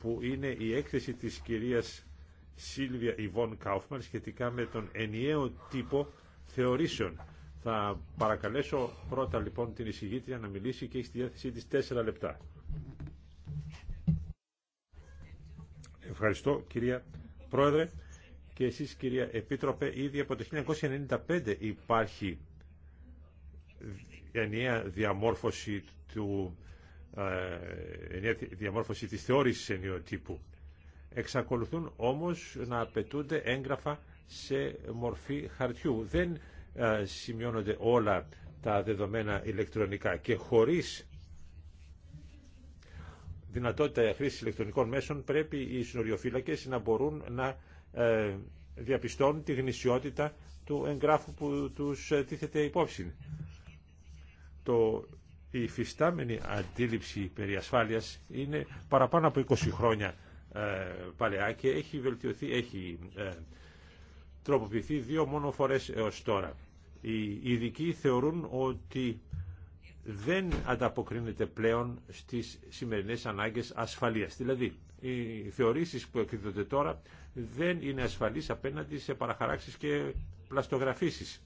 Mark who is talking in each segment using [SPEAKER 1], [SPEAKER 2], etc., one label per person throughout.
[SPEAKER 1] που είναι η έκθεση της κυρίας Σίλβια Ιβόν Κάουφμαν σχετικά με τον ενιαίο τύπο θεωρήσεων. Θα παρακαλέσω πρώτα λοιπόν την εισηγήτρια να μιλήσει και έχει στη διάθεσή της τέσσερα λεπτά. Ευχαριστώ κυρία Πρόεδρε και εσείς κυρία Επίτροπε. Ήδη από το 1995 υπάρχει ενιαία διαμόρφωση του ε, διαμόρφωση της θεώρησης ενιοτύπου. Εξακολουθούν όμως να απαιτούνται έγγραφα σε μορφή χαρτιού. Δεν ε, σημειώνονται όλα τα δεδομένα ηλεκτρονικά και χωρίς δυνατότητα χρήση ηλεκτρονικών μέσων πρέπει οι συνοριοφύλακες να μπορούν να ε, διαπιστώνουν τη γνησιότητα του εγγράφου που τους τίθεται υπόψη. Το η φυστάμενη αντίληψη περί ασφάλειας είναι παραπάνω από 20 χρόνια ε, παλαιά και έχει βελτιωθεί, έχει ε, τροποποιηθεί δύο μόνο φορές έως τώρα. Οι ειδικοί θεωρούν ότι δεν ανταποκρίνεται πλέον στις σημερινές ανάγκες ασφαλείας. Δηλαδή, οι θεωρήσεις που εκδίδονται τώρα δεν είναι ασφαλείς απέναντι σε παραχαράξεις και πλαστογραφήσεις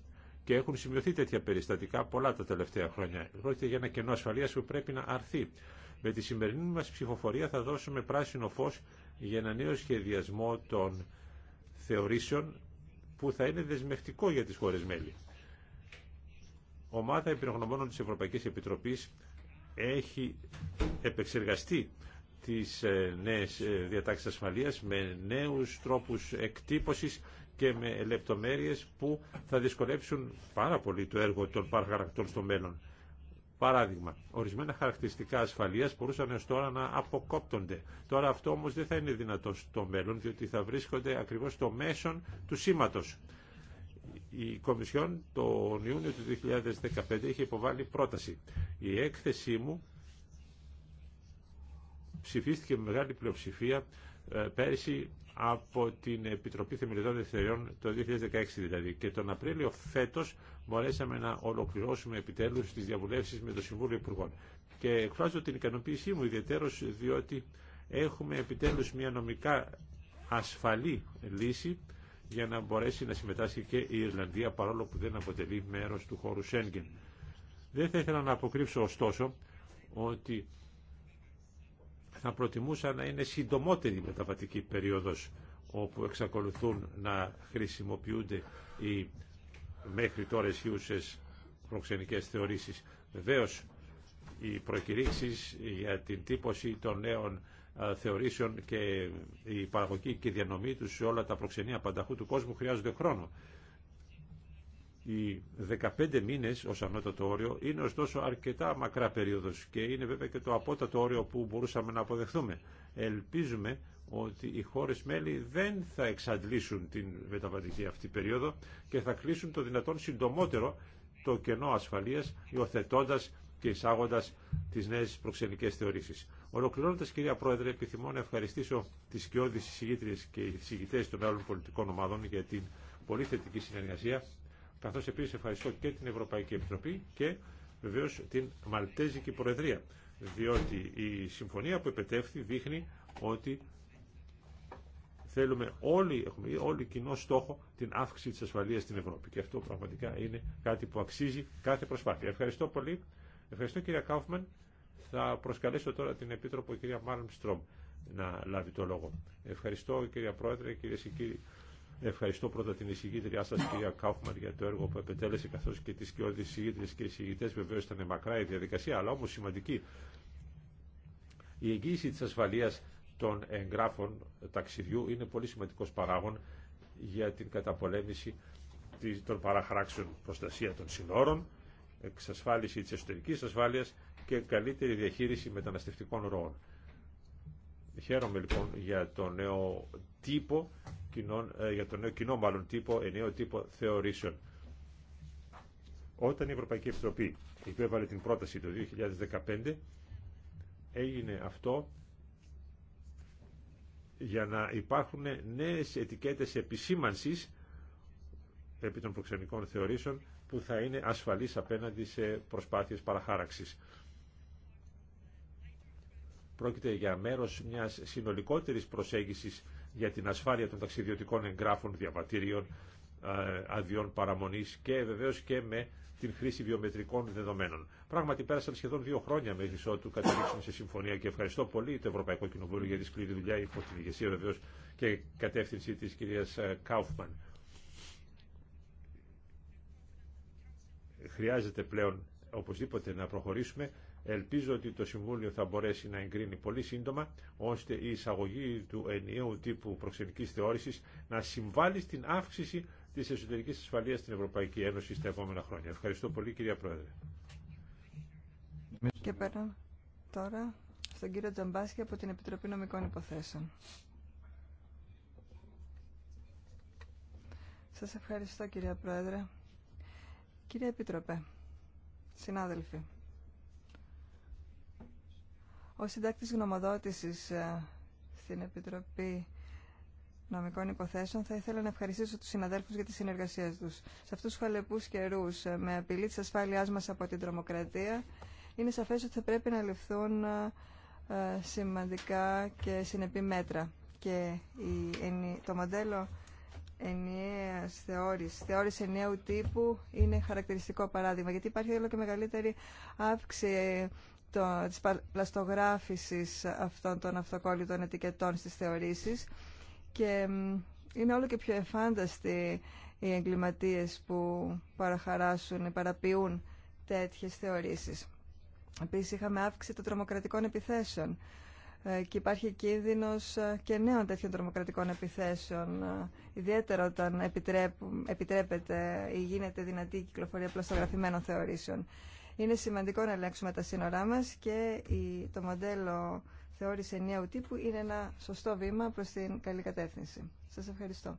[SPEAKER 1] και έχουν σημειωθεί τέτοια περιστατικά πολλά τα τελευταία χρόνια. Πρόκειται για ένα κενό ασφαλείας που πρέπει να αρθεί. Με τη σημερινή μας ψηφοφορία θα δώσουμε πράσινο φως για ένα νέο σχεδιασμό των θεωρήσεων που θα είναι δεσμευτικό για τις χώρες μέλη. Ομάδα εμπειρογνωμόνων της Ευρωπαϊκής Επιτροπής έχει επεξεργαστεί τις ε, νέες ε, διατάξεις ασφαλείας με νέους τρόπους εκτύπωσης και με λεπτομέρειες που θα δυσκολέψουν πάρα πολύ το έργο των παραχαρακτών στο μέλλον. Παράδειγμα, ορισμένα χαρακτηριστικά ασφαλείας μπορούσαν έως τώρα να αποκόπτονται. Τώρα αυτό όμως δεν θα είναι δυνατό στο μέλλον, διότι θα βρίσκονται ακριβώς στο μέσον του σήματος. Η Κομισιόν τον Ιούνιο του 2015 είχε υποβάλει πρόταση. Η έκθεσή μου ψηφίστηκε με μεγάλη πλειοψηφία ε, πέρσι από την Επιτροπή θεμελιώδων Ελευθεριών το 2016 δηλαδή. Και τον Απρίλιο φέτος μπορέσαμε να ολοκληρώσουμε επιτέλους τις διαβουλεύσεις με το Συμβούλιο Υπουργών. Και εκφράζω την ικανοποίησή μου ιδιαίτερω διότι έχουμε επιτέλους μια νομικά ασφαλή λύση για να μπορέσει να συμμετάσχει και η Ιρλανδία παρόλο που δεν αποτελεί μέρος του χώρου Σέγγεν. Δεν θα ήθελα να αποκρύψω ωστόσο ότι θα προτιμούσα να είναι συντομότερη η μεταβατική περίοδος όπου εξακολουθούν να χρησιμοποιούνται οι μέχρι τώρα ισχύουσες προξενικές θεωρήσεις. Βεβαίως, οι προκηρύξεις για την τύπωση των νέων θεωρήσεων και η παραγωγή και η διανομή τους σε όλα τα προξενία πανταχού του κόσμου χρειάζονται χρόνο. Οι 15 μήνες ως ανώτατο όριο είναι ωστόσο αρκετά μακρά περίοδος και είναι βέβαια και το απότατο όριο που μπορούσαμε να αποδεχθούμε. Ελπίζουμε ότι οι χώρες μέλη δεν θα εξαντλήσουν την μεταβατική αυτή περίοδο και θα κλείσουν το δυνατόν συντομότερο το κενό ασφαλείας υιοθετώντα και εισάγοντα τι νέε προξενικέ θεωρήσει. Ολοκληρώνοντα, κυρία Πρόεδρε, επιθυμώ να ευχαριστήσω τι σκιώδει συγγήτριε και συγγητέ των άλλων πολιτικών ομάδων για την πολύ θετική συνεργασία καθώς επίσης ευχαριστώ και την Ευρωπαϊκή Επιτροπή και βεβαίως την Μαλτέζικη Προεδρία, διότι η συμφωνία που επετεύχθη δείχνει ότι θέλουμε όλοι, έχουμε όλοι κοινό στόχο την αύξηση της ασφαλείας στην Ευρώπη και αυτό πραγματικά είναι κάτι που αξίζει κάθε προσπάθεια. Ευχαριστώ πολύ. Ευχαριστώ κυρία Κάουφμαν. Θα προσκαλέσω τώρα την Επίτροπο κυρία Μάρμστρομ να λάβει το λόγο. Ευχαριστώ κυρία Πρόεδρε, κυρίε και κύριοι. Ευχαριστώ πρώτα την εισηγήτριά σα, κυρία Κάουφμαν, για το έργο που επετέλεσε, καθώ και τι κοιόδη εισηγήτριε και εισηγητέ. Βεβαίω ήταν μακρά η διαδικασία, αλλά όμω σημαντική. Η εγγύηση τη ασφαλεία των εγγράφων ταξιδιού είναι πολύ σημαντικό παράγον για την καταπολέμηση των παραχράξεων προστασία των συνόρων, εξασφάλιση τη εσωτερική ασφάλεια και καλύτερη διαχείριση μεταναστευτικών ροών. Χαίρομαι λοιπόν για το νέο τύπο κοινών, ε, για τον νέο κοινό μάλλον τύπο, νέο τύπο θεωρήσεων. Όταν η Ευρωπαϊκή Επιτροπή υπέβαλε την πρόταση το 2015, έγινε αυτό για να υπάρχουν νέες ετικέτες επισήμανσης επί των προξενικών θεωρήσεων που θα είναι ασφαλής απέναντι σε προσπάθειες παραχάραξης. Πρόκειται για μέρος μιας συνολικότερης προσέγγισης για την ασφάλεια των ταξιδιωτικών εγγράφων, διαβατήριων, ε, αδειών παραμονής και βεβαίως και με την χρήση βιομετρικών δεδομένων. Πράγματι πέρασαν σχεδόν δύο χρόνια μέχρι ότου καταλήξουμε σε συμφωνία και ευχαριστώ πολύ το Ευρωπαϊκό Κοινοβούλιο για τη σκληρή δουλειά υπό την ηγεσία βεβαίω και κατεύθυνση της κυρίας Κάουφμαν. Ε, Χρειάζεται πλέον οπωσδήποτε να προχωρήσουμε Ελπίζω ότι το Συμβούλιο θα μπορέσει να εγκρίνει πολύ σύντομα, ώστε η εισαγωγή του ενιαίου τύπου προξενικής θεώρησης να συμβάλλει στην αύξηση της εσωτερικής ασφαλείας στην Ευρωπαϊκή Ένωση στα επόμενα χρόνια. Ευχαριστώ πολύ κυρία Πρόεδρε.
[SPEAKER 2] Και πέρα τώρα στον κύριο Τζαμπάσκη από την Επιτροπή Νομικών Υποθέσεων. Σας ευχαριστώ κυρία Πρόεδρε. Κύριε Επιτροπέ, συνάδελφοι. Ο συντάκτης γνωμοδότησης ε, στην Επιτροπή Νομικών Υποθέσεων θα ήθελα να ευχαριστήσω τους συναδέλφους για τη συνεργασία τους. Σε αυτούς τους χαλεπούς καιρούς ε, με απειλή της ασφάλειάς μας από την τρομοκρατία είναι σαφές ότι θα πρέπει να ληφθούν ε, σημαντικά και συνεπή μέτρα. Και το μοντέλο ενιαίας θεώρησης, θεώρηση ενιαίου τύπου είναι χαρακτηριστικό παράδειγμα, γιατί υπάρχει όλο και μεγαλύτερη αύξηση το, της πλαστογράφησης αυτών των αυτοκόλλητων ετικετών στις θεωρήσεις και είναι όλο και πιο εφάνταστοι οι εγκληματίες που παραχαράσουν ή παραποιούν τέτοιες θεωρήσεις. Επίσης είχαμε αύξηση των τρομοκρατικών επιθέσεων ε, και υπάρχει κίνδυνος ε, και νέων τέτοιων τρομοκρατικών επιθέσεων, ε, ιδιαίτερα όταν επιτρέπεται ή γίνεται δυνατή η κυκλοφορία πλαστογραφημένων θεωρήσεων. Είναι σημαντικό να ελέγξουμε τα σύνορά μας και το μοντέλο θεώρηση νέου τύπου είναι ένα σωστό βήμα προς την καλή κατεύθυνση. Σας ευχαριστώ.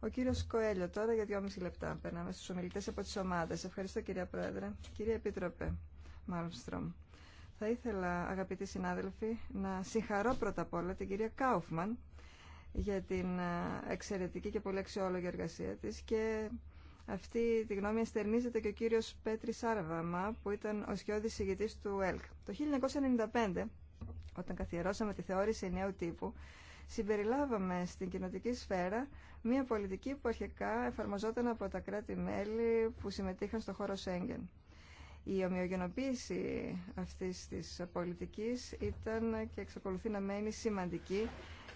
[SPEAKER 2] Ο κύριο Κοέλιο τώρα για 2,5 λεπτά. Περνάμε στου ομιλητέ από τι ομάδε. Ευχαριστώ κυρία Πρόεδρε. Κυρία Επίτροπε Μάλμστρομ. Θα ήθελα, αγαπητοί συνάδελφοι, να συγχαρώ πρώτα απ' όλα την κυρία Κάουφμαν για την ε, εξαιρετική και πολύ αξιόλογη εργασία της και αυτή τη γνώμη εστερνίζεται και ο κύριος Πέτρη Σάραβαμα, που ήταν ο σκιώδης ηγητής του ΕΛΚ. Το 1995, όταν καθιερώσαμε τη θεώρηση νέου τύπου, συμπεριλάβαμε στην κοινοτική σφαίρα μια πολιτική που αρχικά εφαρμοζόταν από τα κράτη-μέλη που συμμετείχαν στο χώρο Σέγγεν. Η ομοιογενοποίηση αυτής της πολιτικής ήταν και εξακολουθεί να μένει σημαντική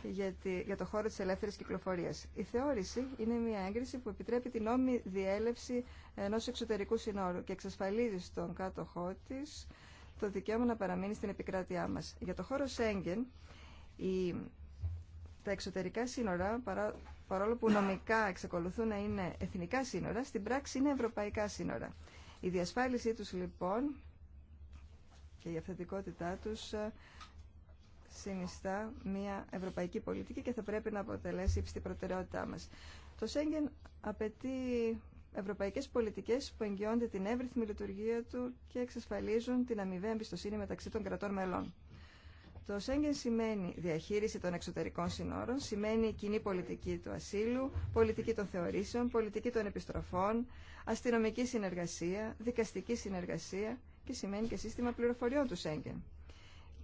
[SPEAKER 2] για, το χώρο της ελεύθερης κυκλοφορίας. Η θεώρηση είναι μια έγκριση που επιτρέπει την νόμιμη διέλευση ενός εξωτερικού συνόρου και εξασφαλίζει στον κάτοχό της το δικαίωμα να παραμείνει στην επικράτειά μας. Για το χώρο Σέγγεν, η, τα εξωτερικά σύνορα, παρά, παρόλο που νομικά εξακολουθούν να είναι εθνικά σύνορα, στην πράξη είναι ευρωπαϊκά σύνορα. Η διασφάλισή τους λοιπόν και η αυθεντικότητά τους συνιστά μια ευρωπαϊκή πολιτική και θα πρέπει να αποτελέσει την προτεραιότητά μας. Το Σέγγεν απαιτεί ευρωπαϊκές πολιτικές που εγγυώνται την εύρυθμη λειτουργία του και εξασφαλίζουν την αμοιβαία εμπιστοσύνη μεταξύ των κρατών μελών. Το Σέγγεν σημαίνει διαχείριση των εξωτερικών συνόρων, σημαίνει κοινή πολιτική του ασύλου, πολιτική των θεωρήσεων, πολιτική των επιστροφών, αστυνομική συνεργασία, δικαστική συνεργασία και σημαίνει και σύστημα πληροφοριών του Σέγγεν.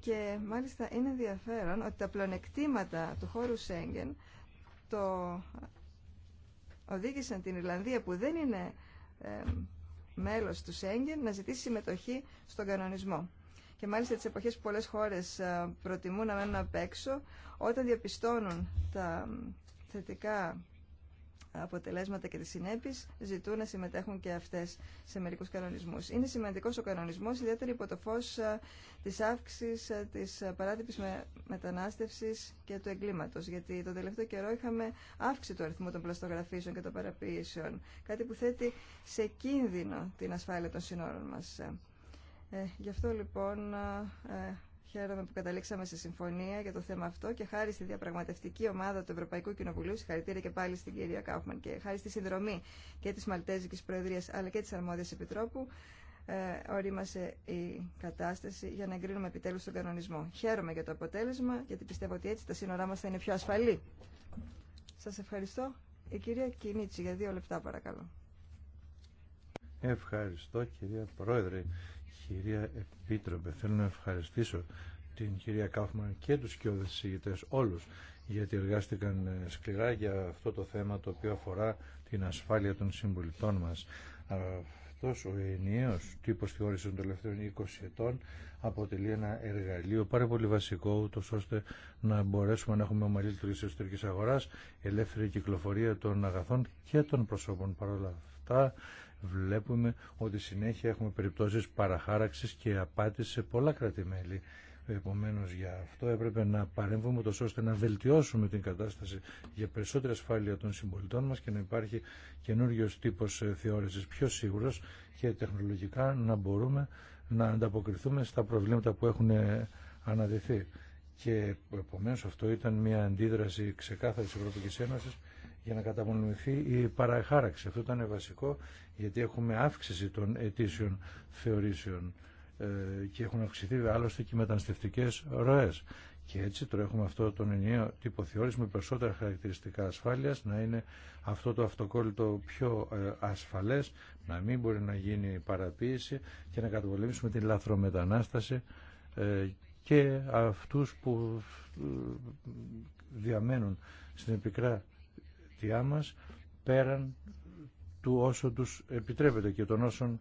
[SPEAKER 2] Και μάλιστα είναι ενδιαφέρον ότι τα πλονεκτήματα του χώρου Σέγγεν το οδήγησαν την Ιρλανδία που δεν είναι ε, μέλος του Σέγγεν να ζητήσει συμμετοχή στον κανονισμό. Και μάλιστα τις εποχές που πολλές χώρες ε, προτιμούν να μένουν απ' έξω, όταν διαπιστώνουν τα θετικά αποτελέσματα και τις συνέπειες ζητούν να συμμετέχουν και αυτές σε μερικούς κανονισμούς. Είναι σημαντικός ο κανονισμός, ιδιαίτερα υπό το φως της αύξησης της παράτυπη μετανάστευσης και του εγκλήματος, γιατί τον τελευταίο καιρό είχαμε αύξηση του αριθμού των πλαστογραφήσεων και των παραποίησεων, κάτι που θέτει σε κίνδυνο την ασφάλεια των συνόρων μας. Ε, γι' αυτό λοιπόν ε, Χαίρομαι που καταλήξαμε σε συμφωνία για το θέμα αυτό και χάρη στη διαπραγματευτική ομάδα του Ευρωπαϊκού Κοινοβουλίου, συγχαρητήρια και πάλι στην κυρία Κάουφμαν και χάρη στη συνδρομή και τη Μαλτέζικη Προεδρία αλλά και τη Αρμόδια Επιτρόπου, ε, ορίμασε η κατάσταση για να εγκρίνουμε επιτέλου τον κανονισμό. Χαίρομαι για το αποτέλεσμα γιατί πιστεύω ότι έτσι τα σύνορά μα θα είναι πιο ασφαλή. Σα ευχαριστώ. Η κυρία Κινίτσι για δύο λεπτά παρακαλώ.
[SPEAKER 3] Ευχαριστώ κυρία Πρόεδρε. Κυρία Επίτροπε, θέλω να ευχαριστήσω την κυρία Κάφμαν και τους κοιόδες συγητές όλους γιατί εργάστηκαν ε, σκληρά για αυτό το θέμα το οποίο αφορά την ασφάλεια των συμπολιτών μας. Αυτός ο ενιαίος τύπος θεώρησης των τελευταίων 20 ετών αποτελεί ένα εργαλείο πάρα πολύ βασικό ούτως ώστε να μπορέσουμε να έχουμε ομαλή λειτουργία της εσωτερικής αγοράς, ελεύθερη κυκλοφορία των αγαθών και των προσώπων. Παρ' αυτά βλέπουμε ότι συνέχεια έχουμε περιπτώσεις παραχάραξης και απάτης σε πολλά κρατημέλη. Επομένως για αυτό έπρεπε να παρέμβουμε τόσο ώστε να βελτιώσουμε την κατάσταση για περισσότερη ασφάλεια των συμπολιτών μας και να υπάρχει καινούριο τύπος ε, θεώρησης πιο σίγουρος και τεχνολογικά να μπορούμε να ανταποκριθούμε στα προβλήματα που έχουν ε, αναδεθεί. Και επομένως αυτό ήταν μια αντίδραση ξεκάθαρης Ευρωπαϊκής Ένωσης για να καταπονηθεί η παραχάραξη. Αυτό ήταν βασικό γιατί έχουμε αύξηση των αιτήσεων θεωρήσεων ε, και έχουν αυξηθεί άλλωστε και οι μεταναστευτικές ροές. Και έτσι τώρα έχουμε αυτό τον ενιαίο τύπο θεώρηση με περισσότερα χαρακτηριστικά ασφάλεια, να είναι αυτό το αυτοκόλλητο πιο ε, ασφαλέ, να μην μπορεί να γίνει παραποίηση και να καταπολεμήσουμε την λαθρομετανάσταση ε, και αυτούς που διαμένουν στην επικρά τι μας πέραν του όσο τους επιτρέπεται και των όσων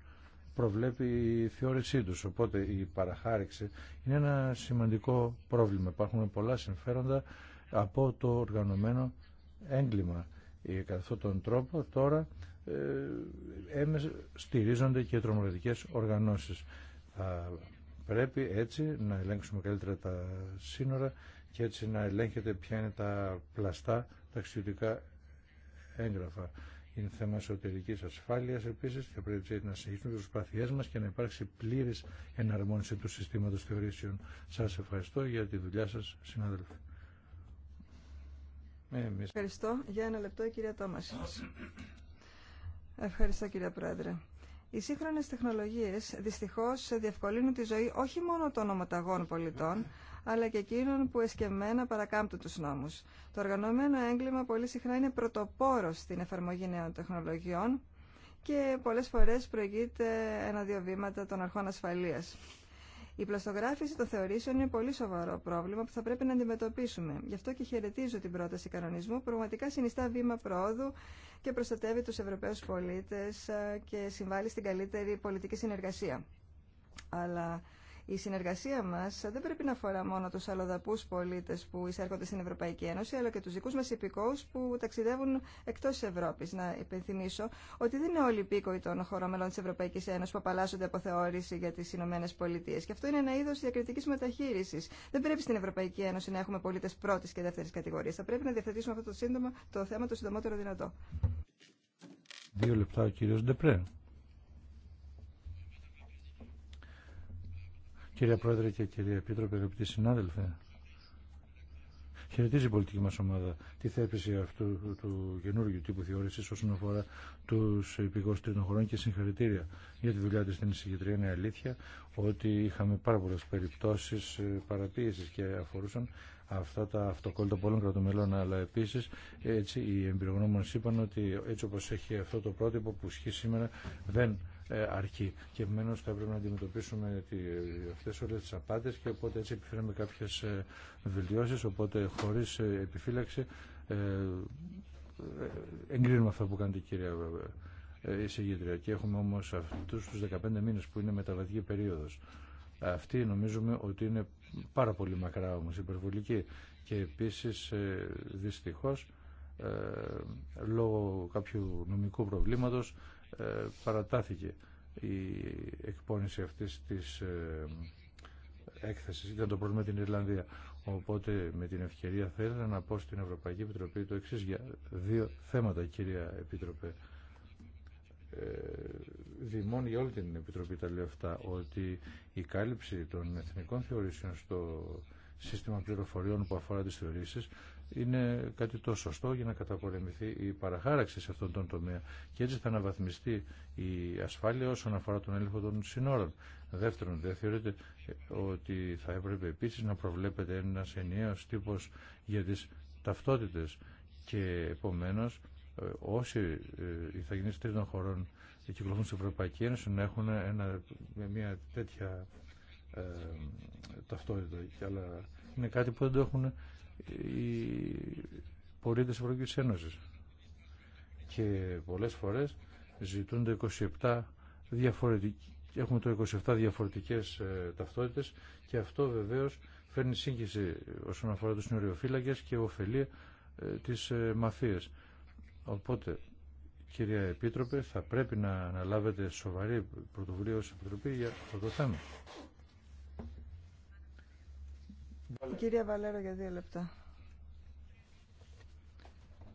[SPEAKER 3] προβλέπει η θεώρησή τους. Οπότε η παραχάριξη είναι ένα σημαντικό πρόβλημα. Υπάρχουν πολλά συμφέροντα από το οργανωμένο έγκλημα. Ε, κατά αυτόν τον τρόπο τώρα ε, στηρίζονται και τρομοκρατικές οργανώσεις. πρέπει έτσι να ελέγξουμε καλύτερα τα σύνορα και έτσι να ελέγχεται ποια είναι τα πλαστά ταξιδιωτικά έγγραφα. Είναι θέμα εσωτερική ασφάλεια επίση και πρέπει να συνεχίσουμε τι προσπάθειέ μα και να υπάρξει πλήρη εναρμόνιση του συστήματο θεωρήσεων. Σα ευχαριστώ για τη δουλειά σα, συνάδελφοι. Ε,
[SPEAKER 2] ευχαριστώ. Για ένα λεπτό, η κυρία Τόμα. Ευχαριστώ, κυρία Πρόεδρε. Οι σύγχρονε τεχνολογίε δυστυχώ διευκολύνουν τη ζωή όχι μόνο των ομοταγών πολιτών, αλλά και εκείνων που εσκεμμένα παρακάμπτουν του νόμου. Το οργανωμένο έγκλημα πολύ συχνά είναι πρωτοπόρο στην εφαρμογή νέων τεχνολογιών και πολλέ φορέ φορές προηγείται ένα-δύο βήματα των αρχών ασφαλεία. Η πλαστογράφηση των θεωρήσεων είναι πολύ σοβαρό πρόβλημα που θα πρέπει να αντιμετωπίσουμε. Γι' αυτό και χαιρετίζω την πρόταση κανονισμού που πραγματικά συνιστά βήμα προόδου και προστατεύει του Ευρωπαίου πολίτε ε, και συμβάλλει στην καλύτερη πολιτική συνεργασία. Αλλά η συνεργασία μα δεν πρέπει να αφορά μόνο του αλλοδαπού πολίτε που εισέρχονται στην Ευρωπαϊκή Ένωση, αλλά και του δικού μα υπηκόου που ταξιδεύουν εκτό Ευρώπη Να υπενθυμίσω ότι δεν είναι όλοι υπήκοοι των χωρών μελών τη Ευρωπαϊκής Ένωσης που απαλλάσσονται από θεώρηση για τι Ηνωμένε Πολιτείες. Και αυτό είναι ένα είδο διακριτική μεταχείριση. Δεν πρέπει στην Ευρωπαϊκή Ένωση να έχουμε πολίτε πρώτη και δεύτερη κατηγορία. Θα πρέπει να διευθετήσουμε αυτό το, σύντομα, το θέμα το συντομότερο δυνατό.
[SPEAKER 3] Δύο λεπτά ο κύριος Ντεπρέ. Κύριε Πρόεδρε και κύριε Επίτροπε, αγαπητοί συνάδελφοι, χαιρετίζει η πολιτική μας ομάδα τη θέπιση αυτού του καινούργιου τύπου θεώρησης όσον αφορά τους υπηκόους τρίτων χωρών και συγχαρητήρια για τη δουλειά της στην εισηγητρία. Είναι αλήθεια ότι είχαμε πάρα πολλές περιπτώσεις ε, παραποίησης και αφορούσαν αυτά τα αυτοκόλλητα πολλών κρατομελών, αλλά επίση έτσι οι εμπειρογνώμονε είπαν ότι έτσι όπω έχει αυτό το πρότυπο που ισχύει σήμερα δεν ε, αρχή. Και επομένω θα έπρεπε να αντιμετωπίσουμε αυτέ όλε τι απάτε και οπότε έτσι επιφέραμε κάποιε βελτιώσει. Οπότε χωρί ε, επιφύλαξη ε, εγκρίνουμε αυτό που κάνετε κυρία εισηγήτρια. Και έχουμε όμω αυτού του 15 μήνε που είναι μεταβατική περίοδο. Αυτή νομίζουμε ότι είναι πάρα πολύ μακρά όμως υπερβολική και επίσης δυστυχώς κάποιου νομικού προβλήματος ε, παρατάθηκε η εκπόνηση αυτής της ε, έκθεσης. Ήταν το πρόβλημα την Ιρλανδία. Οπότε με την ευκαιρία θα ήθελα να πω στην Ευρωπαϊκή Επιτροπή το εξή για δύο θέματα κυρία Επίτροπε. Ε, Δημών για όλη την Επιτροπή τα λέω αυτά ότι η κάλυψη των εθνικών θεωρήσεων στο σύστημα πληροφοριών που αφορά τις θεωρήσεις είναι κάτι τόσο σωστό για να καταπολεμηθεί η παραχάραξη σε αυτόν τον τομέα και έτσι θα αναβαθμιστεί η ασφάλεια όσον αφορά τον έλεγχο των συνόρων. Δεύτερον, δεν θεωρείται ε, ότι θα έπρεπε επίσης να προβλέπεται ένας ενιαίος τύπος για τις ταυτότητες και επομένως ε, όσοι ηθαγενείς ε, τρίτων χωρών κυκλοφορούν στην Ευρωπαϊκή Ένωση να έχουν ένα, μια τέτοια ταυτότητα. Αλλά είναι κάτι που δεν το έχουν οι πολίτες της Ευρωπαϊκής Ένωσης. Και πολλές φορές ζητούνται 27 διαφορετικές Έχουμε το 27 διαφορετικές ε, ταυτότητες και αυτό βεβαίως φέρνει σύγχυση όσον αφορά τους νοριοφύλακες και ωφελεί ε, τις ε, μαφίε. Οπότε, κυρία Επίτροπε, θα πρέπει να αναλάβετε σοβαρή πρωτοβουλία ως Επιτροπή για αυτό το θέμα.
[SPEAKER 2] Η κυρία Βαλέρο για δύο λεπτά.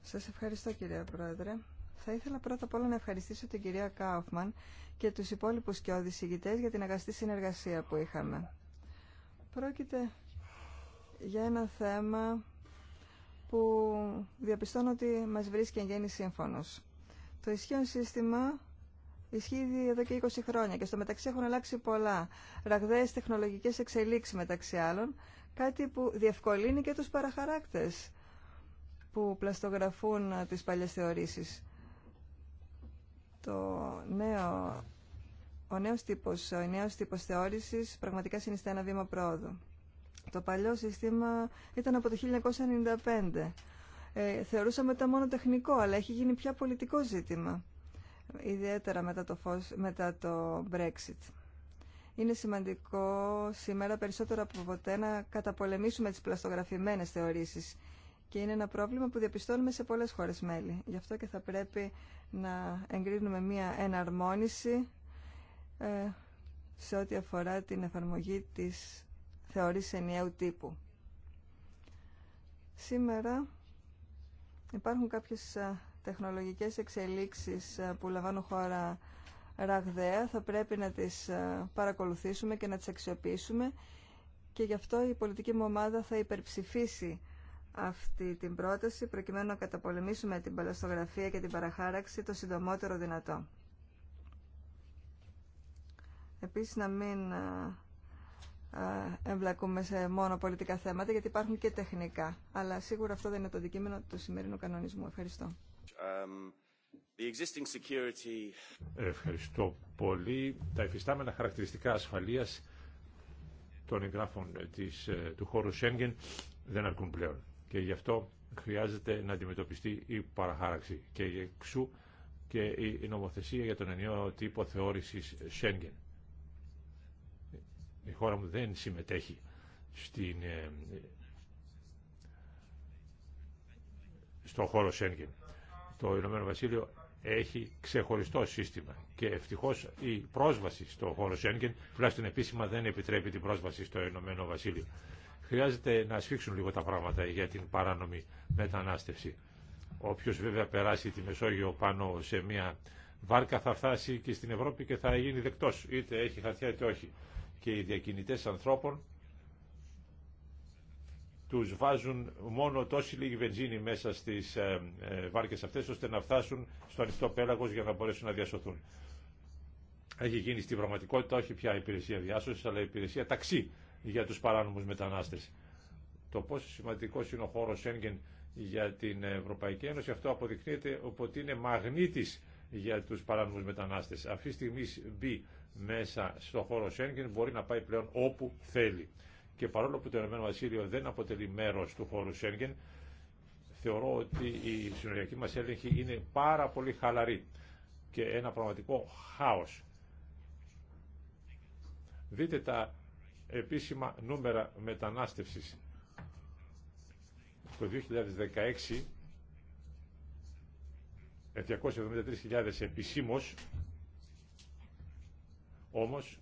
[SPEAKER 2] Σας ευχαριστώ κυρία Πρόεδρε. Θα ήθελα πρώτα απ' όλα να ευχαριστήσω την κυρία Κάουφμαν και τους υπόλοιπους και οδησηγητές για την αγαστή συνεργασία που είχαμε. Πρόκειται για ένα θέμα που διαπιστώνω ότι μας βρίσκει εν γέννη σύμφωνος. Το ισχύον σύστημα ισχύει εδώ και 20 χρόνια και στο μεταξύ έχουν αλλάξει πολλά. Ραγδαίες τεχνολογικές εξελίξεις μεταξύ άλλων κάτι που διευκολύνει και τους παραχαράκτες που πλαστογραφούν τις παλιές θεωρήσεις. Το νέο, ο νέος τύπος, ο νέος τύπος θεώρησης πραγματικά συνιστά ένα βήμα πρόοδου. Το παλιό σύστημα ήταν από το 1995. Ε, θεωρούσαμε τα μόνο τεχνικό, αλλά έχει γίνει πια πολιτικό ζήτημα, ιδιαίτερα μετά το, φως, μετά το Brexit. Είναι σημαντικό σήμερα περισσότερο από ποτέ να καταπολεμήσουμε τις πλαστογραφημένες θεωρήσεις και είναι ένα πρόβλημα που διαπιστώνουμε σε πολλές χώρες μέλη. Γι' αυτό και θα πρέπει να εγκρίνουμε μία εναρμόνιση ε, σε ό,τι αφορά την εφαρμογή της θεωρής ενιαίου τύπου. Σήμερα υπάρχουν κάποιες ε, τεχνολογικές εξελίξεις ε, που λαμβάνουν χώρα ραγδαία, θα πρέπει να τις ε, παρακολουθήσουμε και να τις αξιοποιήσουμε και γι' αυτό η πολιτική μου ομάδα θα υπερψηφίσει αυτή την πρόταση προκειμένου να καταπολεμήσουμε την παλαιστογραφία και την παραχάραξη το συντομότερο δυνατό. Επίσης να μην ε, ε, εμβλακούμε σε μόνο πολιτικά θέματα γιατί υπάρχουν και τεχνικά. Αλλά σίγουρα αυτό δεν είναι το αντικείμενο του σημερινού κανονισμού. Ευχαριστώ.
[SPEAKER 1] Ευχαριστώ πολύ. Τα υφιστάμενα χαρακτηριστικά ασφαλείας των εγγράφων ε, του χώρου Σέγγεν δεν αρκούν πλέον. Και γι' αυτό χρειάζεται να αντιμετωπιστεί η παραχάραξη και η εξού και η νομοθεσία για τον ενιαίο τύπο θεώρησης Σέγγεν. Η χώρα μου δεν συμμετέχει στην, ε, στο χώρο Σέγγεν. Το Ηνωμένο Βασίλειο έχει ξεχωριστό σύστημα και ευτυχώ η πρόσβαση στο χώρο Σέγγεν, τουλάχιστον επίσημα δεν επιτρέπει την πρόσβαση στο Ηνωμένο Βασίλειο. Χρειάζεται να σφίξουν λίγο τα πράγματα για την παράνομη μετανάστευση. Όποιο βέβαια περάσει τη Μεσόγειο πάνω σε μια βάρκα θα φτάσει και στην Ευρώπη και θα γίνει δεκτός, είτε έχει χαρτιά είτε όχι. Και οι διακινητέ ανθρώπων τους βάζουν μόνο τόση λίγη βενζίνη μέσα στις ε, ε, βάρκες αυτές ώστε να φτάσουν στο ανοιχτό πέλαγος για να μπορέσουν να διασωθούν. Έχει γίνει στην πραγματικότητα όχι πια υπηρεσία διάσωσης αλλά υπηρεσία ταξί για τους παράνομους μετανάστες. Το πόσο σημαντικός είναι ο χώρος Σέγγεν για την Ευρωπαϊκή Ένωση αυτό αποδεικνύεται ότι είναι μαγνήτης για τους παράνομους μετανάστες. Αυτή τη στιγμή μπει μέσα στο χώρο Σέγγεν μπορεί να πάει πλέον όπου θέλει και παρόλο που το Ηνωμένο Βασίλειο δεν αποτελεί μέρο του χώρου Σέγγεν, θεωρώ ότι η συνοριακή μα έλεγχη είναι πάρα πολύ χαλαρή και ένα πραγματικό χάος. Δείτε τα επίσημα νούμερα μετανάστευσης. Το 2016 273.000 ε, επισήμως όμως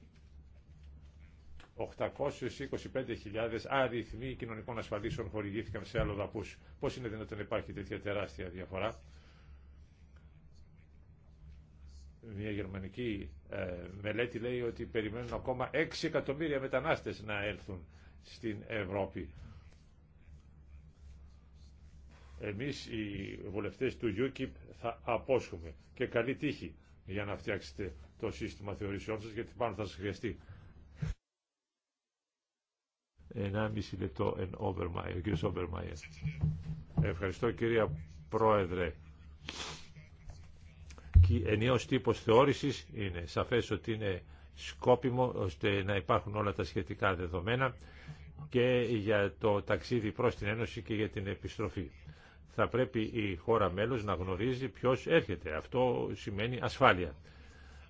[SPEAKER 1] 825.000 αριθμοί κοινωνικών ασφαλίσεων χορηγήθηκαν σε άλλο δαπούς. Πώς είναι δυνατόν να υπάρχει τέτοια τεράστια διαφορά. Μια γερμανική ε, μελέτη λέει ότι περιμένουν ακόμα 6 εκατομμύρια μετανάστες να έλθουν στην Ευρώπη. Εμείς οι βουλευτές του UKIP θα απόσχουμε και καλή τύχη για να φτιάξετε το σύστημα θεωρήσεών σας γιατί πάνω θα σας χρειαστεί. 1,5 λεπτό εν Obermeier, κύριος Ευχαριστώ κύριε Πρόεδρε. Και τύπος θεώρησης είναι σαφές ότι είναι σκόπιμο ώστε να υπάρχουν όλα τα σχετικά δεδομένα και για το ταξίδι προς την Ένωση και για την επιστροφή. Θα πρέπει η χώρα μέλος να γνωρίζει ποιος έρχεται. Αυτό σημαίνει ασφάλεια.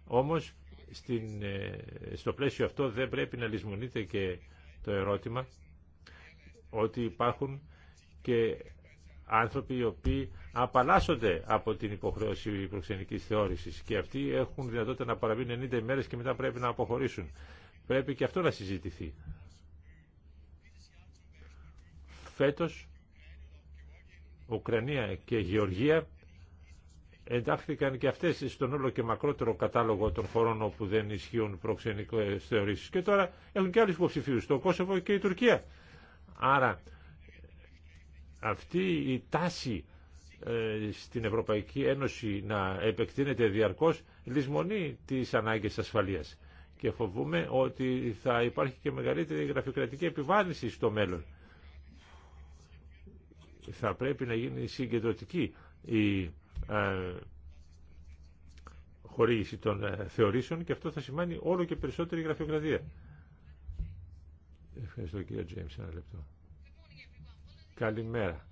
[SPEAKER 1] Όμως στην, ε, στο πλαίσιο αυτό δεν πρέπει να λησμονείται και το ερώτημα ότι υπάρχουν και άνθρωποι οι οποίοι απαλλάσσονται από την υποχρέωση προξενικής θεώρησης και αυτοί έχουν δυνατότητα να παραμείνουν 90 ημέρες και μετά πρέπει να αποχωρήσουν. Πρέπει και αυτό να συζητηθεί. Φέτος Ουκρανία και Γεωργία εντάχθηκαν και αυτές στον όλο και μακρότερο κατάλογο των χωρών όπου δεν ισχύουν προξενικές θεωρήσεις. Και τώρα έχουν και άλλους υποψηφίους, το Κόσοβο και η Τουρκία. Άρα αυτή η τάση ε, στην Ευρωπαϊκή Ένωση να επεκτείνεται διαρκώς λησμονεί τις ανάγκες ασφαλείας και φοβούμε ότι θα υπάρχει και μεγαλύτερη γραφειοκρατική επιβάρυνση στο μέλλον. Θα πρέπει να γίνει συγκεντρωτική η ε, χορήγηση των ε, θεωρήσεων και αυτό θα σημαίνει όλο και περισσότερη γραφειοκρατία. Ευχαριστώ κύριε Τζέιμς, ένα λεπτό. Καλημέρα.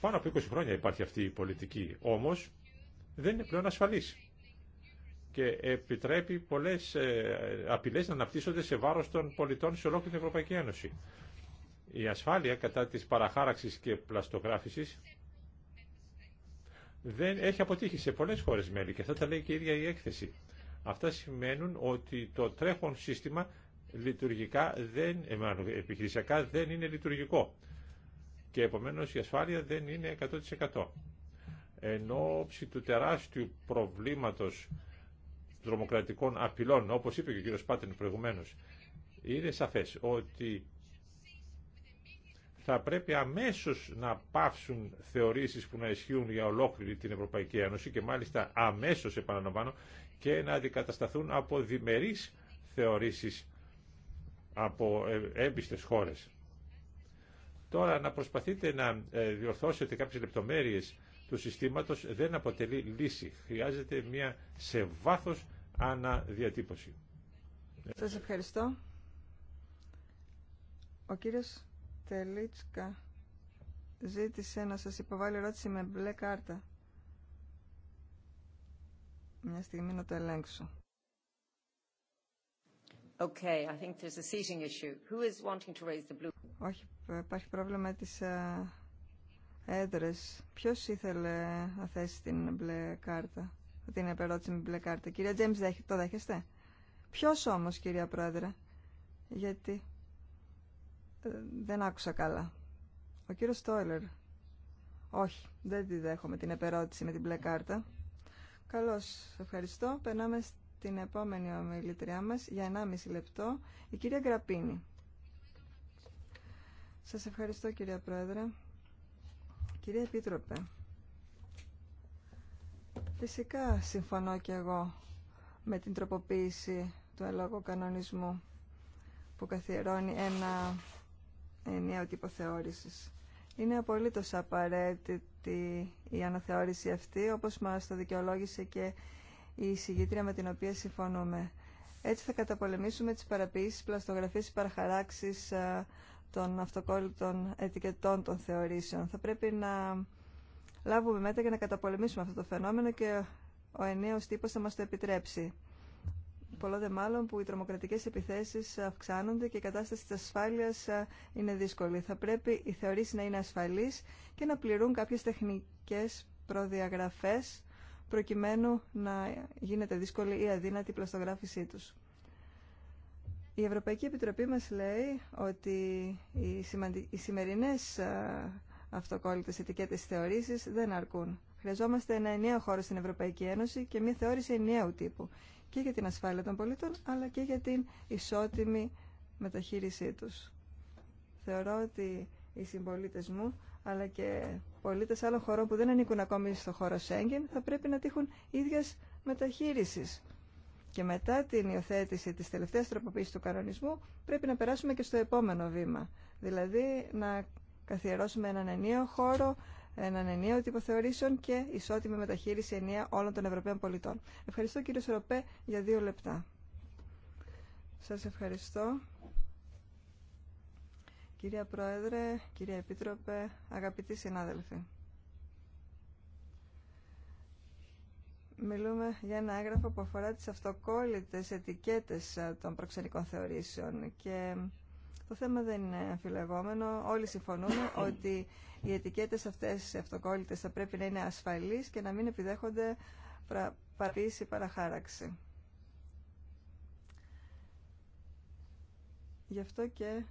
[SPEAKER 1] Πάνω από 20 χρόνια υπάρχει αυτή η πολιτική, όμως δεν είναι πλέον ασφαλής και επιτρέπει πολλές ε, απειλές να αναπτύσσονται σε βάρος των πολιτών σε ολόκληρη την Ευρωπαϊκή Ένωση. Η ασφάλεια κατά της παραχάραξης και πλαστογράφησης δεν έχει αποτύχει σε πολλές χώρες μέλη και αυτά τα λέει και η ίδια η έκθεση. Αυτά σημαίνουν ότι το τρέχον σύστημα λειτουργικά δεν, ε, επιχειρησιακά δεν είναι λειτουργικό και επομένως η ασφάλεια δεν είναι 100%. Ενώ όψη του τεράστιου προβλήματος δρομοκρατικών απειλών, όπως είπε και ο κύριος Πάτεν προηγουμένως, είναι σαφές ότι θα πρέπει αμέσως να πάυσουν θεωρήσεις που να ισχύουν για ολόκληρη την Ευρωπαϊκή Ένωση και μάλιστα αμέσως επαναλαμβάνω και να αντικατασταθούν από διμερείς θεωρήσεις από ε, έμπιστες χώρες. Τώρα να προσπαθείτε να ε, διορθώσετε κάποιες λεπτομέρειες του συστήματος δεν αποτελεί λύση. Χρειάζεται μια σε βάθος αναδιατύπωση. Σας ευχαριστώ.
[SPEAKER 2] Ο κύριος Τελίτσκα ζήτησε να σας υποβάλει ερώτηση με μπλε κάρτα. Μια στιγμή να το ελέγξω.
[SPEAKER 1] Okay, I think there's a seating issue. Who is wanting to raise the blue?
[SPEAKER 2] Όχι, υπάρχει πρόβλημα της τις ε, έδρες. Ποιος ήθελε να θέσει την μπλε κάρτα, την επερώτηση με μπλε κάρτα. Κυρία Τζέμις, το δέχεστε. Ποιος όμως, κυρία Πρόεδρε, γιατί ε, δεν άκουσα καλά. Ο κύριο Στόιλερ. Όχι, δεν τη δέχομαι την επερώτηση με την μπλε κάρτα. Καλώς, ευχαριστώ. Περνάμε στην επόμενη ομιλητριά μα για 1,5 λεπτό, η κυρία Γκραπίνη. Σα ευχαριστώ κυρία Πρόεδρε. Κυρία Επίτροπε, φυσικά συμφωνώ και εγώ με την τροποποίηση του ελόγου κανονισμού που καθιερώνει ένα ενιαίο τύπο θεώρησης. Είναι απολύτως απαραίτητη η αναθεώρηση αυτή, όπως μας το δικαιολόγησε και η συγγήτρια με την οποία συμφωνούμε. Έτσι θα καταπολεμήσουμε τις παραποιήσεις, πλαστογραφίες, παραχαράξεις των αυτοκόλλητων ετικετών των θεωρήσεων. Θα πρέπει να λάβουμε μέτρα για να καταπολεμήσουμε αυτό το φαινόμενο και ο ενιαίος τύπος θα μας το επιτρέψει. Πολλό δε μάλλον που οι τρομοκρατικές επιθέσεις αυξάνονται και η κατάσταση της ασφάλειας ε, είναι δύσκολη. Θα πρέπει οι θεωρήσει να είναι ασφαλεί και να πληρούν κάποιες τεχνικές προδιαγραφές προκειμένου να γίνεται δύσκολη ή αδύνατη η πλαστογράφησή τους. Η Ευρωπαϊκή Επιτροπή μας λέει ότι οι, σημαντι... οι σημερινές ε, αυτοκόλλητες ετικέτες θεωρήσεις δεν αρκούν. Χρειαζόμαστε ένα ενιαίο χώρο στην Ευρωπαϊκή Ένωση και μια θεώρηση ενιαίου τύπου και για την ασφάλεια των πολίτων, αλλά και για την ισότιμη μεταχείρισή τους. Θεωρώ ότι οι συμπολίτε μου, αλλά και πολίτε άλλων χωρών που δεν ανήκουν ακόμη στο χώρο Σέγγεν, θα πρέπει να τύχουν ίδια μεταχείριση. Και μετά την υιοθέτηση τη τελευταία τροποποίηση του κανονισμού, πρέπει να περάσουμε και στο επόμενο βήμα. Δηλαδή να καθιερώσουμε έναν ενίο χώρο έναν ενίο τύπο θεωρήσεων και ισότιμη μεταχείριση ενία όλων των Ευρωπαίων πολιτών. Ευχαριστώ κύριε Σοροπέ για δύο λεπτά. Σας ευχαριστώ. Κυρία Πρόεδρε, κυρία Επίτροπε, αγαπητοί συνάδελφοι. Μιλούμε για ένα έγγραφο που αφορά τις αυτοκόλλητες ετικέτες των προξενικών θεωρήσεων και το θέμα δεν είναι αμφιλεγόμενο. Όλοι συμφωνούμε ότι οι ετικέτες αυτές οι αυτοκόλλητες θα πρέπει να είναι ασφαλείς και να μην επιδέχονται παραποίηση παραχάραξη. Γι' αυτό και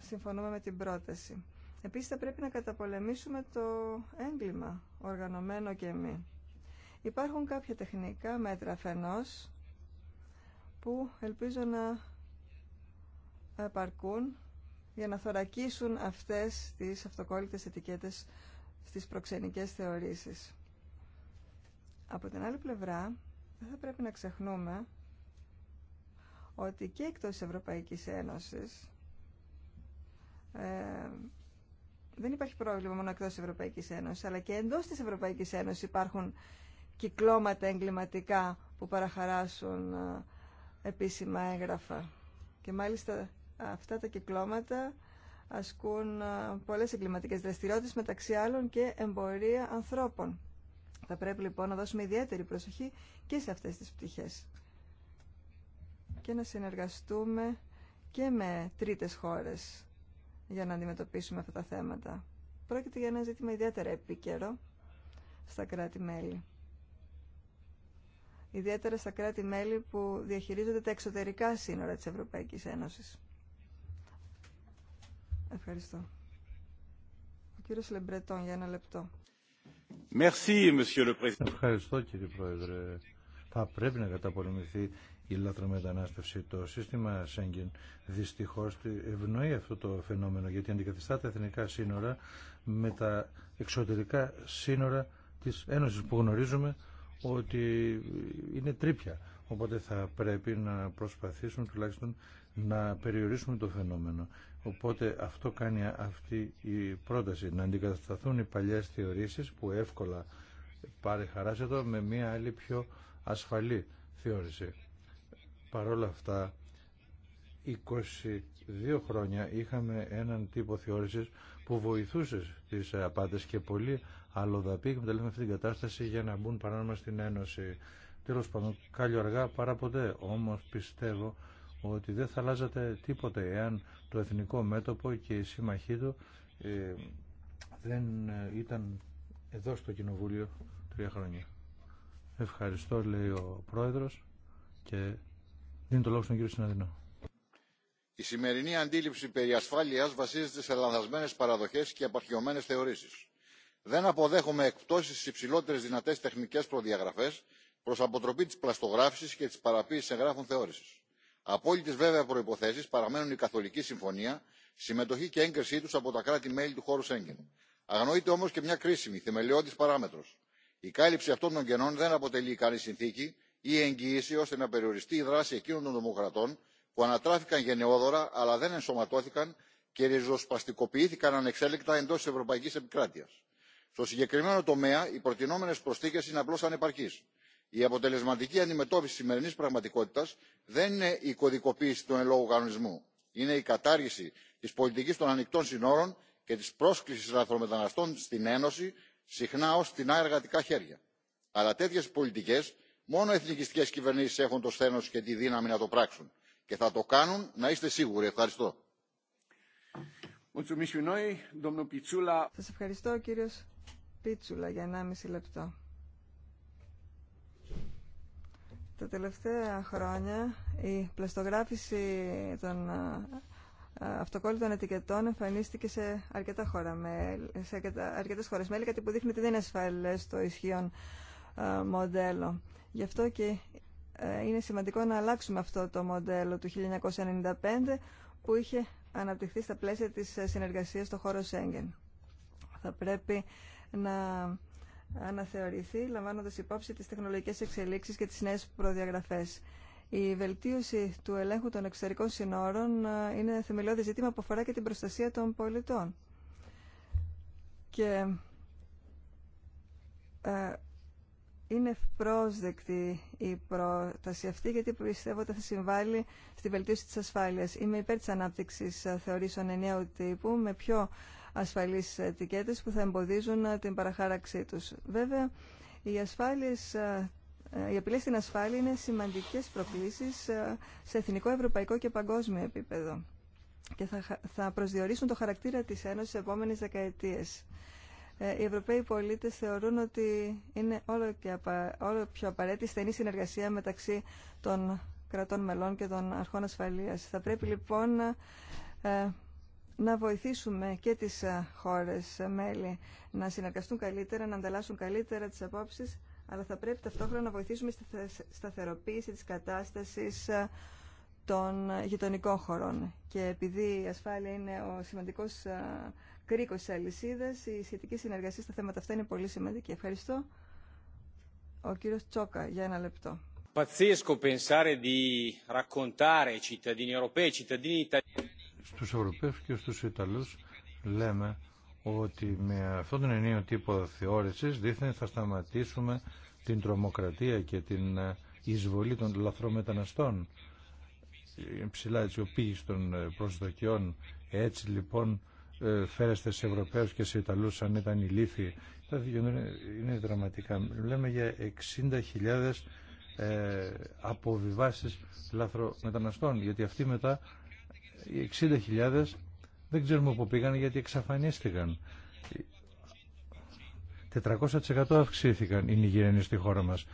[SPEAKER 2] συμφωνούμε με την πρόταση. Επίσης θα πρέπει να καταπολεμήσουμε το έγκλημα, οργανωμένο και μη. Υπάρχουν κάποια τεχνικά μέτρα αφενός που ελπίζω να επαρκούν για να θωρακίσουν αυτές τις αυτοκόλλητες ετικέτες στις προξενικές θεωρήσεις. Από την άλλη πλευρά, δεν θα πρέπει να ξεχνούμε ότι και εκτός Ευρωπαϊκής Ένωσης ε, δεν υπάρχει πρόβλημα μόνο εκτός της Ευρωπαϊκής Ένωσης, αλλά και εντός της Ευρωπαϊκής Ένωσης υπάρχουν κυκλώματα εγκληματικά που παραχαράσουν ε, επίσημα έγγραφα. Και μάλιστα αυτά τα κυκλώματα ασκούν ε, πολλές εγκληματικές δραστηριότητες, μεταξύ άλλων και εμπορία ανθρώπων. Θα πρέπει λοιπόν να δώσουμε ιδιαίτερη προσοχή και σε αυτές τις πτυχές και να συνεργαστούμε και με τρίτες χώρες για να αντιμετωπίσουμε αυτά τα θέματα. Πρόκειται για ένα ζήτημα ιδιαίτερα επίκαιρο στα κράτη-μέλη. Ιδιαίτερα στα κράτη-μέλη που διαχειρίζονται τα εξωτερικά σύνορα της Ευρωπαϊκής Ένωσης. Ευχαριστώ. Ο κύριο Λεμπρετών για ένα λεπτό.
[SPEAKER 3] Ευχαριστώ κύριε Πρόεδρε. Θα πρέπει να καταπολεμηθεί η λαθρομετανάστευση. Το σύστημα Σέγγεν δυστυχώ ευνοεί αυτό το φαινόμενο γιατί αντικαθιστά τα εθνικά σύνορα με τα εξωτερικά σύνορα τη Ένωση. που γνωρίζουμε ότι είναι τρίπια. Οπότε θα πρέπει να προσπαθήσουν τουλάχιστον να περιορίσουμε το φαινόμενο. Οπότε αυτό κάνει αυτή η πρόταση, να αντικατασταθούν οι παλιές θεωρήσεις που εύκολα πάρει χαρά σε με μια άλλη πιο ασφαλή θεώρηση. Παρ' όλα αυτά, 22 χρόνια είχαμε έναν τύπο θεώρησης που βοηθούσε τις απάτες και πολλοί και εκμεταλλεύουν αυτή την κατάσταση για να μπουν παράνομα στην Ένωση. Τέλος πάντων, καλλιοργά αργά παρά ποτέ. Όμως πιστεύω ότι δεν θα αλλάζατε τίποτε εάν το εθνικό μέτωπο και η σύμμαχή του ε, δεν ε, ήταν εδώ στο Κοινοβούλιο τρία χρόνια. Ευχαριστώ, λέει ο Πρόεδρος και δίνει το λόγο στον κύριο Συναδεινό.
[SPEAKER 4] Η σημερινή αντίληψη περί ασφάλειας βασίζεται σε λανθασμένες παραδοχές και απαρχιωμένες θεωρήσεις. Δεν αποδέχομαι εκπτώσεις στις υψηλότερες δυνατές τεχνικές προδιαγραφές προς αποτροπή της πλαστογράφησης και της παραποίηση εγγράφων θεώρησης απόλυτε βέβαια προποθέσει παραμένουν η καθολική συμφωνία συμμετοχή και έγκρισή του από τα κράτη μέλη του χώρου σέγγεν. αγνοείται όμω και μια κρίσιμη θεμελιώδη παράμετρο η κάλυψη αυτών των κενών δεν αποτελεί ικανή συνθήκη ή εγγύηση ώστε να περιοριστεί η δράση εκείνων των νομοκρατών, που ανατράφηκαν γενναιόδωρα αλλά δεν ενσωματώθηκαν και ριζοσπαστικοποιήθηκαν ανεξέλεκτα εντό τη ευρωπαϊκή επικράτεια. στο συγκεκριμένο τομέα οι προτινόμενε προσθήκε είναι απλώ ανεπαρκεί η αποτελεσματική αντιμετώπιση της σημερινής πραγματικότητας δεν είναι η κωδικοποίηση του εν λόγω κανονισμού είναι η κατάργηση της πολιτικής των ανοιχτών συνόρων και της πρόσκλησης λαθρομεταναστών στην ένωση συχνά ως φτηνά εργατικά χέρια. αλλά τέτοιες πολιτικές μόνο εθνικιστικές κυβερνήσεις έχουν το σθένος και τη δύναμη να το πράξουν και θα το κάνουν να είστε σίγουροι. ευχαριστώ.
[SPEAKER 2] Σας ευχαριστώ κύριος Πίτσουλα για 1,5 λεπτό. Τα τελευταία χρόνια η πλαστογράφηση των αυτοκόλλητων ετικετών εμφανίστηκε σε αρκετά χώρα μέλη, σε αρκετές χώρες μέλη, κάτι που δείχνει ότι δεν είναι ασφαλές το ισχύον μοντέλο. Γι' αυτό και είναι σημαντικό να αλλάξουμε αυτό το μοντέλο του 1995 που είχε αναπτυχθεί στα πλαίσια της συνεργασίας στο χώρο Σέγγεν. Θα πρέπει να αναθεωρηθεί λαμβάνοντας υπόψη τις τεχνολογικές εξελίξεις και τις νέες προδιαγραφές. Η βελτίωση του ελέγχου των εξωτερικών συνόρων ε, είναι θεμελιώδη ζήτημα που αφορά και την προστασία των πολιτών. Και ε, είναι πρόσδεκτη η πρόταση αυτή γιατί πιστεύω ότι θα συμβάλλει στη βελτίωση της ασφάλειας. Είμαι υπέρ της ανάπτυξης ε, θεωρήσεων ενιαίου τύπου με πιο ασφαλείς ετικέτες που θα εμποδίζουν ε, την παραχάραξή τους. Βέβαια, οι ασφάλειες ε, ε, οι απειλές στην ασφάλεια είναι σημαντικέ προκλήσεις σε εθνικό, ευρωπαϊκό και παγκόσμιο επίπεδο και θα, θα προσδιορίσουν το χαρακτήρα της Ένωσης σε επόμενες δεκαετίες. οι Ευρωπαίοι πολίτες θεωρούν ότι είναι όλο, και απα, όλο πιο απαραίτητη στενή συνεργασία μεταξύ των κρατών μελών και των αρχών ασφαλείας. Θα πρέπει λοιπόν να βοηθήσουμε και τις ε, χώρες ε, μέλη να συνεργαστούν καλύτερα, να ανταλλάσσουν καλύτερα τις απόψεις, αλλά θα πρέπει ταυτόχρονα να βοηθήσουμε στη σταθεροποίηση της κατάστασης ε, των γειτονικών χωρών. Και επειδή η ασφάλεια είναι ο σημαντικός κρίκος της αλυσίδας, η σχετική συνεργασία στα θέματα αυτά είναι πολύ σημαντική. Ευχαριστώ. Ο κύριος Τσόκα, για ένα λεπτό.
[SPEAKER 5] Pazzesco pensare di raccontare ai cittadini europei, cittadini italiani
[SPEAKER 3] στους Ευρωπαίους και στους Ιταλούς λέμε ότι με αυτόν τον ενίο τύπο θεώρησης δίθεν θα σταματήσουμε την τρομοκρατία και την ε, εισβολή των λαθρομεταναστών ε, ψηλά έτσι ο πήγης των ε, προσδοκιών έτσι λοιπόν φέρεστε σε Ευρωπαίους και σε Ιταλούς αν ήταν ηλίθιοι τα είναι δραματικά λέμε για 60.000 αποβιβάσεις λαθρομεταναστών γιατί αυτοί μετά οι 60.000 δεν ξέρουμε πού πήγαν γιατί εξαφανίστηκαν. 400% αυξήθηκαν οι Νιγηριανοί στη χώρα μας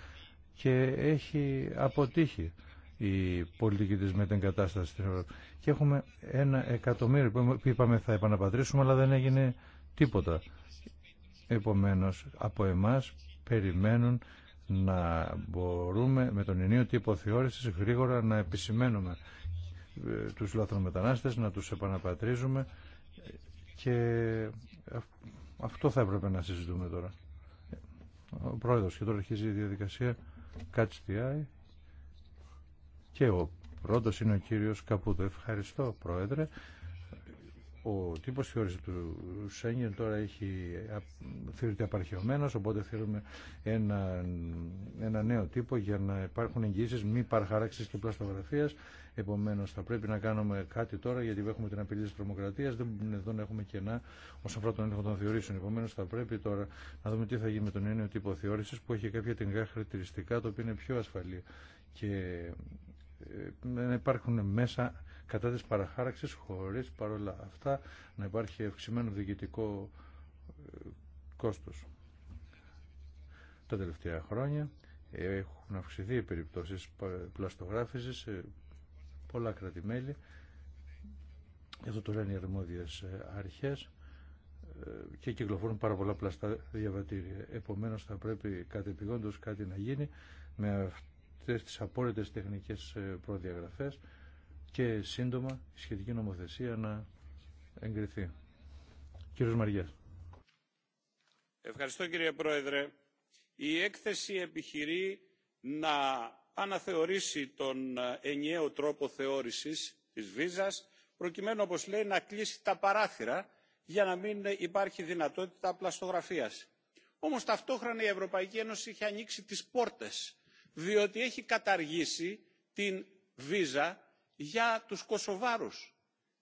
[SPEAKER 3] και έχει αποτύχει η πολιτική της κατάσταση στην Ευρώπη. Και έχουμε ένα εκατομμύριο που είπαμε θα επαναπατρίσουμε αλλά δεν έγινε τίποτα. Επομένως από εμάς περιμένουν να μπορούμε με τον ενίο τύπο θεώρησης γρήγορα να επισημαίνουμε τους λαθρομετανάστες, να τους επαναπατρίζουμε και αυτό θα έπρεπε να συζητούμε τώρα. Ο πρόεδρος και τώρα αρχίζει η διαδικασία Eye και ο πρώτος είναι ο κύριος Καπούτο. Ευχαριστώ πρόεδρε. Ο τύπος θεώρηση του Σέγγεν τώρα έχει, θεωρείται απαρχαιωμένος, οπότε θέλουμε ένα, ένα νέο τύπο για να υπάρχουν εγγύσεις μη παρχάραξης και πλαστογραφίας Επομένω, θα πρέπει να κάνουμε κάτι τώρα γιατί έχουμε την απειλή τη τρομοκρατία. Εδώ έχουμε κενά όσον αφορά τον έλεγχο των θεωρήσεων. Επομένω, θα πρέπει τώρα να δούμε τι θα γίνει με τον έννοιο τύπο θεώρηση που έχει κάποια τεγκά χαρακτηριστικά το οποίο είναι πιο ασφαλή. Και ε, να υπάρχουν μέσα κατά τη παραχάραξη χωρί παρόλα αυτά να υπάρχει αυξημένο διοικητικό ε, κόστο. Τα τελευταία χρόνια έχουν αυξηθεί οι περιπτώσεις πλαστογράφησης ε, πολλά κρατημέλη. Εδώ το λένε οι αρμόδιες ε, αρχές ε, και κυκλοφορούν πάρα πολλά πλαστά διαβατήρια. Επομένως θα πρέπει κατεπηγόντως κάτι να γίνει με αυτές τις απόρριτε τεχνικές ε, προδιαγραφές και σύντομα η σχετική νομοθεσία να εγκριθεί. Κύριος Μαριάς.
[SPEAKER 5] Ευχαριστώ κύριε Πρόεδρε. Η έκθεση επιχειρεί να αναθεωρήσει τον ε, ενιαίο τρόπο θεώρησης της βίζας προκειμένου όπως λέει να κλείσει τα παράθυρα για να μην υπάρχει δυνατότητα πλαστογραφίας. Όμως ταυτόχρονα η Ευρωπαϊκή Ένωση έχει ανοίξει τις πόρτες διότι έχει καταργήσει την βίζα για τους Κωσοβάρους.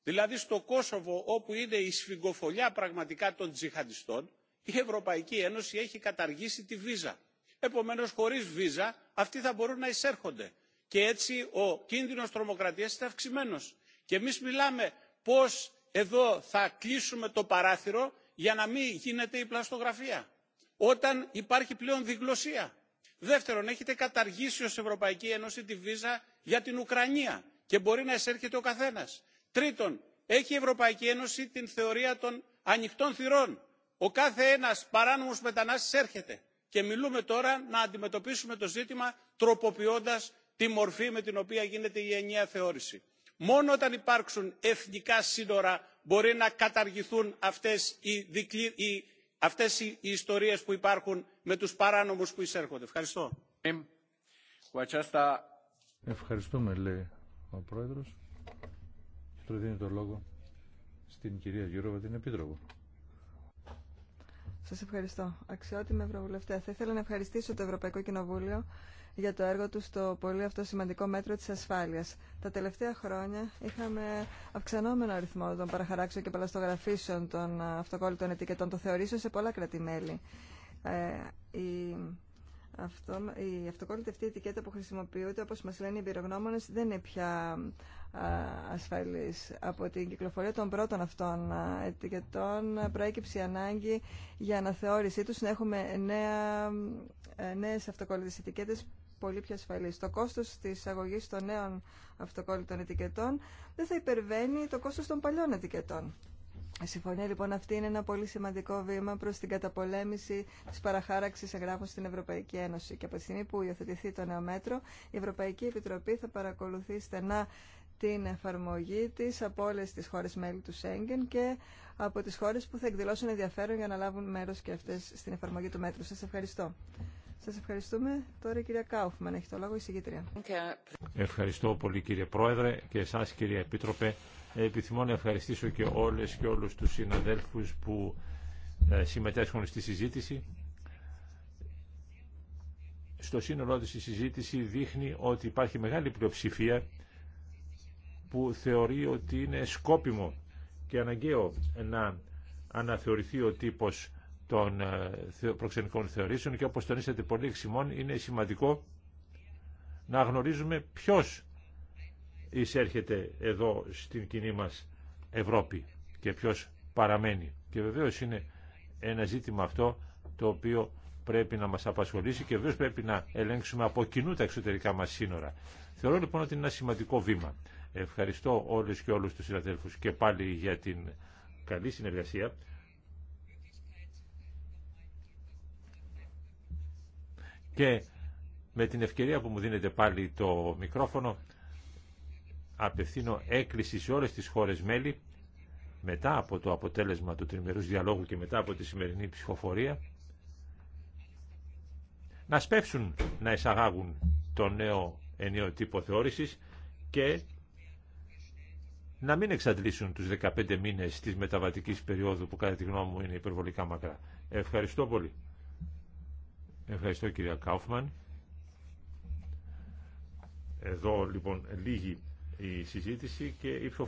[SPEAKER 5] Δηλαδή στο Κόσοβο όπου είναι η σφυγγοφολιά πραγματικά των τζιχαντιστών η Ευρωπαϊκή Ένωση έχει καταργήσει τη βίζα. Επομένως χωρίς βίζα αυτοί θα μπορούν να εισέρχονται. Και έτσι ο κίνδυνος τρομοκρατίας είναι αυξημένος. Και εμείς μιλάμε πώς εδώ θα κλείσουμε το παράθυρο για να μην γίνεται η πλαστογραφία. Όταν υπάρχει πλέον διγλωσία. Δεύτερον, έχετε καταργήσει ως Ευρωπαϊκή Ένωση τη βίζα για την Ουκρανία και μπορεί να εισέρχεται ο καθένας. Τρίτον, έχει η Ευρωπαϊκή Ένωση την θεωρία των ανοιχτών θυρών. Ο κάθε ένας παράνομος μετανάστης έρχεται και μιλούμε τώρα να αντιμετωπίσουμε το ζήτημα τροποποιώντας τη μορφή με την οποία γίνεται η ενιαία θεώρηση. μόνο όταν υπάρξουν εθνικά σύνορα μπορεί να καταργηθούν αυτές οι, οι ιστορίες που υπάρχουν με τους παράνομους που εισέρχονται. Ευχαριστώ.
[SPEAKER 3] Ευχαριστούμε, λέει ο Πρόεδρος. Τώρα το λόγο στην κυρία την Επίτροπο. Σα ευχαριστώ.
[SPEAKER 2] Αξιότιμη Ευρωβουλευτέ, θα ήθελα να ευχαριστήσω το Ευρωπαϊκό Κοινοβούλιο για το έργο του στο πολύ αυτό σημαντικό μέτρο της ασφάλεια. Τα τελευταία χρόνια είχαμε αυξανόμενο αριθμό των παραχαράξεων και παλαστογραφήσεων των αυτοκόλλητων ετικετών, Το θεωρήσω σε πολλά κρατημέλη. Ε, η αυτό, η αυτοκόλλητη αυτή ετικέτα που χρησιμοποιούνται, όπως μας λένε οι εμπειρογνώμονες, δεν είναι πια ασφαλής. Από την κυκλοφορία των πρώτων αυτών ετικετών προέκυψε η ανάγκη για αναθεώρησή τους να έχουμε νέα, ε, νέες αυτοκόλλητες ετικέτες πολύ πιο ασφαλής. Το κόστος της αγωγής των νέων αυτοκόλλητων ετικετών δεν θα υπερβαίνει το κόστος των παλιών ετικετών. Η συμφωνία λοιπόν αυτή είναι ένα πολύ σημαντικό βήμα προς την καταπολέμηση της παραχάραξης εγγράφων στην Ευρωπαϊκή Ένωση και από τη στιγμή που υιοθετηθεί το νέο μέτρο η Ευρωπαϊκή Επιτροπή θα παρακολουθεί στενά την εφαρμογή της από όλε τις χώρες μέλη του Σέγγεν και από τις χώρες που θα εκδηλώσουν ενδιαφέρον για να λάβουν μέρος και αυτές στην εφαρμογή του μέτρου. Σας ευχαριστώ. Σας ευχαριστούμε. Τώρα η κυρία Κάουφμαν έχει το λόγο, η συγκήτρια.
[SPEAKER 1] Ευχαριστώ πολύ κύριε Πρόεδρε και εσά, κύριε Επίτροπε Επιθυμώ να ευχαριστήσω και όλες και όλους τους συναδέλφους που ε, συμμετέσχουν στη συζήτηση. Στο σύνολό της συζήτηση δείχνει ότι υπάρχει μεγάλη πλειοψηφία που θεωρεί ότι είναι σκόπιμο και αναγκαίο να αναθεωρηθεί ο τύπος των ε, προξενικών θεωρήσεων και όπως τονίσατε πολύ εξημών είναι σημαντικό να γνωρίζουμε ποιος εισέρχεται εδώ στην κοινή μας Ευρώπη και ποιος παραμένει. Και βεβαίως είναι ένα ζήτημα αυτό το οποίο πρέπει να μας απασχολήσει και βεβαίως πρέπει να ελέγξουμε από κοινού τα εξωτερικά μας σύνορα. Θεωρώ λοιπόν ότι είναι ένα σημαντικό βήμα. Ευχαριστώ όλους και όλους τους συναδέλφους και πάλι για την καλή συνεργασία. Και με την ευκαιρία που μου δίνεται πάλι το μικρόφωνο, απευθύνω έκκληση σε όλες τις χώρες μέλη μετά από το αποτέλεσμα του τριμερούς διαλόγου και μετά από τη σημερινή ψηφοφορία να σπεύσουν να εισαγάγουν το νέο ενίο τύπο θεώρησης και να μην εξαντλήσουν τους 15 μήνες της μεταβατικής περίοδου που κατά τη γνώμη μου είναι υπερβολικά μακρά. Ευχαριστώ πολύ. Ευχαριστώ κυρία Κάουφμαν. Εδώ λοιπόν λίγη η συζήτηση και η ψηφοφορία.